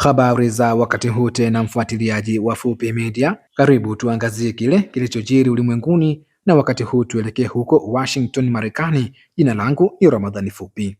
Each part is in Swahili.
Habari za wakati huu tena, mfuatiliaji wa Fupi Media, karibu tuangazie kile kilichojiri ulimwenguni, na wakati huu tuelekee huko Washington, Marekani. Jina langu ni Ramadhani Fupi.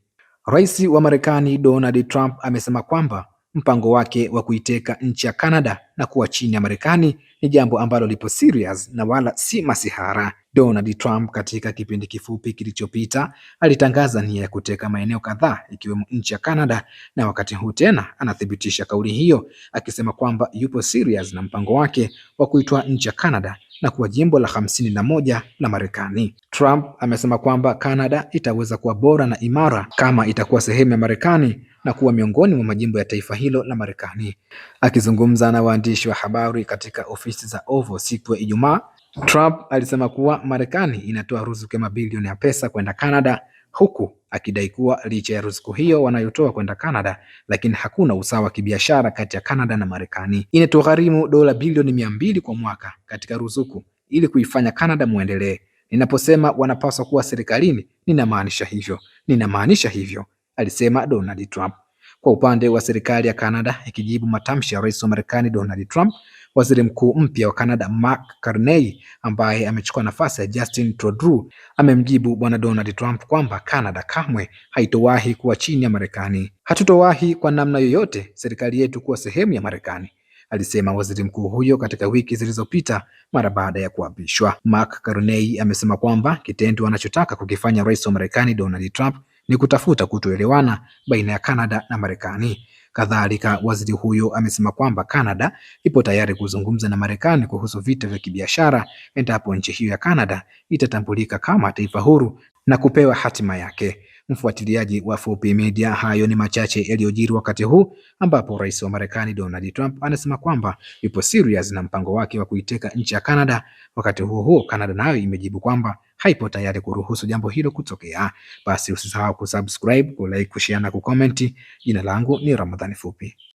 Rais wa Marekani Donald Trump amesema kwamba Mpango wake wa kuiteka nchi ya Canada na kuwa chini ya Marekani ni jambo ambalo lipo serious na wala si masihara. Donald Trump katika kipindi kifupi kilichopita alitangaza nia ya kuteka maeneo kadhaa ikiwemo nchi ya Canada, na wakati huu tena anathibitisha kauli hiyo akisema kwamba yupo serious na mpango wake wa kuitwaa nchi ya Canada na kuwa jimbo la hamsini na moja la Marekani. Trump amesema kwamba Canada itaweza kuwa bora na imara kama itakuwa sehemu ya Marekani na kuwa miongoni mwa majimbo ya taifa hilo la Marekani. Akizungumza na waandishi wa habari katika ofisi za Oval siku ya Ijumaa, Trump alisema kuwa Marekani inatoa ruzuku ya mabilioni ya pesa kwenda Canada huku akidai kuwa licha ya ruzuku hiyo wanayotoa kwenda Canada, lakini hakuna usawa wa kibiashara kati ya Canada na Marekani. Inatugharimu dola bilioni mia mbili kwa mwaka katika ruzuku ili kuifanya Canada mwendelee. Ninaposema wanapaswa kuwa serikalini, ninamaanisha hivyo, ninamaanisha hivyo alisema Donald Trump. Kwa upande wa serikali ya Canada ikijibu matamshi ya rais wa Marekani Donald Trump, waziri mkuu mpya wa Canada Mark Carney ambaye amechukua nafasi ya Justin Trudeau amemjibu bwana Donald Trump kwamba Canada kamwe haitowahi kuwa chini ya Marekani. Hatutowahi kwa namna yoyote serikali yetu kuwa sehemu ya Marekani, alisema waziri mkuu huyo katika wiki zilizopita mara baada ya kuapishwa. Mark Carney amesema kwamba kitendo anachotaka kukifanya rais wa Marekani Donald Trump ni kutafuta kutoelewana baina ya Kanada na Marekani. Kadhalika, waziri huyo amesema kwamba Kanada ipo tayari kuzungumza na Marekani kuhusu vita vya kibiashara endapo nchi hiyo ya Kanada itatambulika kama taifa huru na kupewa hatima yake. Mfuatiliaji wa Fupi Media, hayo ni machache yaliyojiri wakati huu ambapo rais wa Marekani Donald Trump anasema kwamba yupo serious na mpango wake wa kuiteka nchi ya Canada. Wakati huo huo, Canada nayo imejibu kwamba haipo tayari kuruhusu jambo hilo kutokea. Basi usisahau kusubscribe, kulike, kushare na kukomenti. Jina langu ni Ramadhani Fupi.